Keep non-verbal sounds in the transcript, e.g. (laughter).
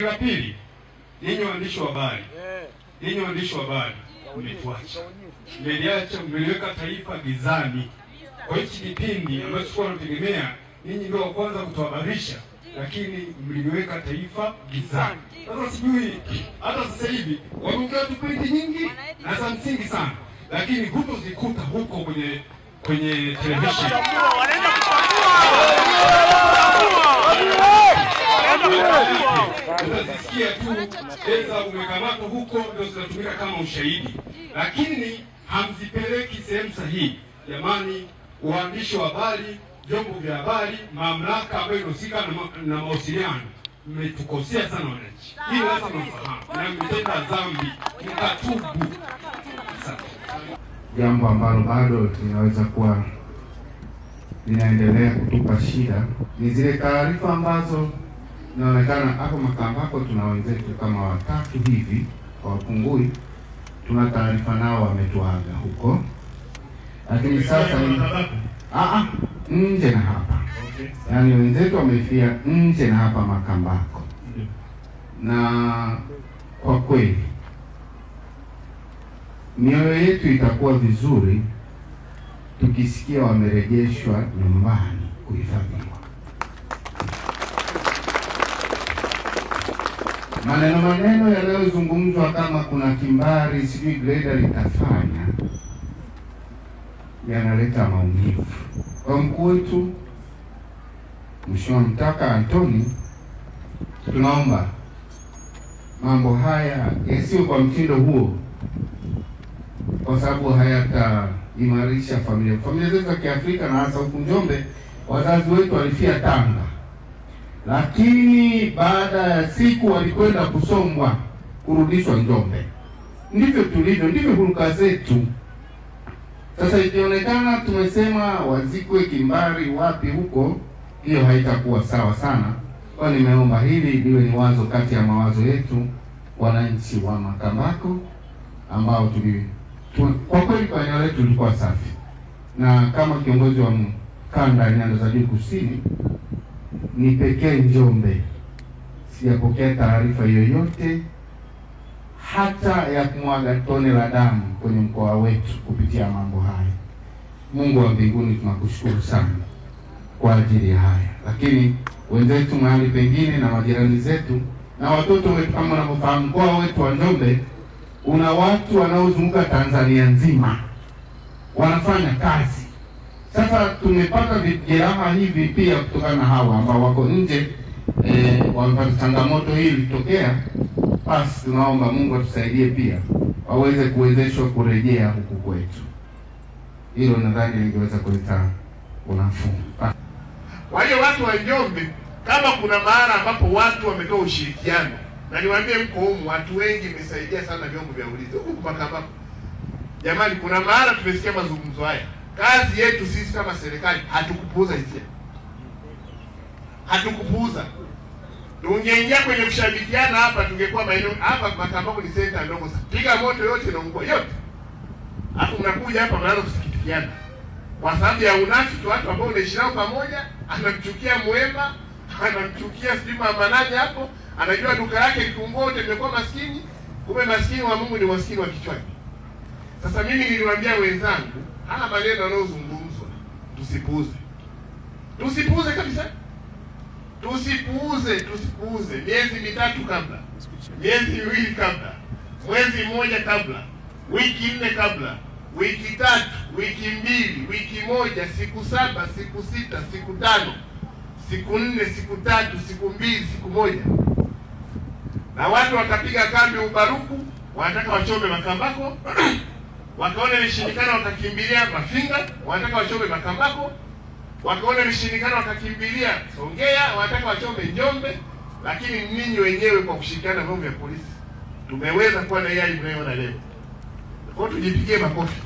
La pili, ninyi waandishi wa habari, ninyi waandishi wa habari mmetuacha, mmeliacha, mmeliweka taifa gizani. Kwa hichi kipindi ambacho tulikuwa tunategemea ninyi ndio wa kwanza kutuhabarisha, lakini mliweka taifa gizani. Sasa sijui hata sasa hivi wameongea tu pointi nyingi na za msingi sana, lakini hutozikuta huko kwenye kwenye televisheni. fedha umekamatwa huko, ndio zinatumika kama ushahidi, lakini hamzipeleki sehemu sahihi. Jamani, waandishi wa habari, vyombo vya habari, mamlaka ambayo inahusika na mawasiliano, mmetukosea sana wananchi. Hii lazima mfahamu na mmetenda dhambi, mkatubu. Jambo ambalo bado linaweza kuwa linaendelea kutupa shida ni zile taarifa ambazo inaonekana hapo Makambako tuna wenzetu kama watatu hivi, wapungui Tuna taarifa nao wametuaga huko, lakini sasa ah, ah, nje na hapa okay. Yaani wenzetu wamefia nje na hapa Makambako Na kwa kweli mioyo yetu itakuwa vizuri tukisikia wamerejeshwa nyumbani kuhifadhiwa. maneno maneno yanayozungumzwa kama kuna kimbari, sijui greda litafanya, yanaleta maumivu kwa mkuu wetu Mheshimiwa Mtaka Antoni. Tunaomba mambo haya yasio kwa mtindo huo, kwa sababu hayataimarisha familia familia zetu za Kiafrika, na hasa huku Njombe wazazi wetu walifia Tanga lakini baada ya siku walikwenda kusomwa, kurudishwa Njombe. Ndivyo tulivyo, ndivyo huruka zetu. Sasa ikionekana tumesema wazikwe kimbari wapi huko, hiyo haitakuwa sawa sana, kwa nimeomba hili liwe ni wazo kati ya mawazo yetu, wananchi wa Makambako ambao tuli kwa kweli kwa eneo letu tulikuwa safi, na kama kiongozi wa kanda ya nyanda za juu kusini ni pekee Njombe, sijapokea taarifa yoyote hata ya kumwaga tone la damu kwenye mkoa wetu kupitia mambo haya. Mungu wa mbinguni, tunakushukuru sana kwa ajili ya haya, lakini wenzetu mahali pengine na majirani zetu na watoto wetu, kama unavyofahamu, mkoa wetu wa Njombe una watu wanaozunguka Tanzania nzima wanafanya kazi sasa tumepata vijeraha hivi pia kutokana na hawa ambao wako nje e, wamepata changamoto hii ilitokea. Basi tunaomba Mungu atusaidie pia waweze kuwezeshwa kurejea huku kwetu. Hilo nadhani lingeweza kuleta unafuu. Kwa hiyo watu wa Njombe, kama kuna mahala ambapo watu wametoa ushirikiano, na niwaambie, mko humu, watu wengi imesaidia sana vyombo vya ulinzi huku Makambako. Jamani, kuna mahala tumesikia mazungumzo haya Kazi yetu sisi kama serikali hatukupuuza hisia, hatukupuuza. Tungeingia kwenye kushabikiana hapa, tungekuwa maeneo hapa. Makambako ni senta ndogo sana, piga moto yote inaungua yote, alafu mnakuja hapa mnaanza kusikitikiana kwa sababu ya unafiki, watu ambao unaishi nao pamoja. Anamchukia Mwema, (laughs) anamchukia sijui mama nani hapo, anajua duka lake Kikungoote imekuwa maskini, kumbe maskini wa Mungu ni maskini wa kichwani. Sasa mimi niliwaambia wenzangu, haya maneno yanayozungumzwa tusipuuze, tusipuuze kabisa, tusipuuze, tusipuuze. Miezi mitatu kabla, miezi miwili kabla, mwezi mmoja kabla, wiki nne kabla, wiki tatu, wiki mbili, wiki moja, siku saba, siku sita, siku tano, siku nne, siku tatu, siku mbili, siku moja, na watu watapiga kambi ubaruku, wanataka wachome Makambako (clears throat) wakaona ilishindikana, wakakimbilia Mafinga, wanataka wachombe Makambako, wakaona ilishindikana, wakakimbilia Songea, wanataka wachombe Njombe. Lakini ninyi wenyewe kwa kushirikiana vyombo vya polisi tumeweza kuwa na hali mnayoona leo. Kwa tujipigie makofi.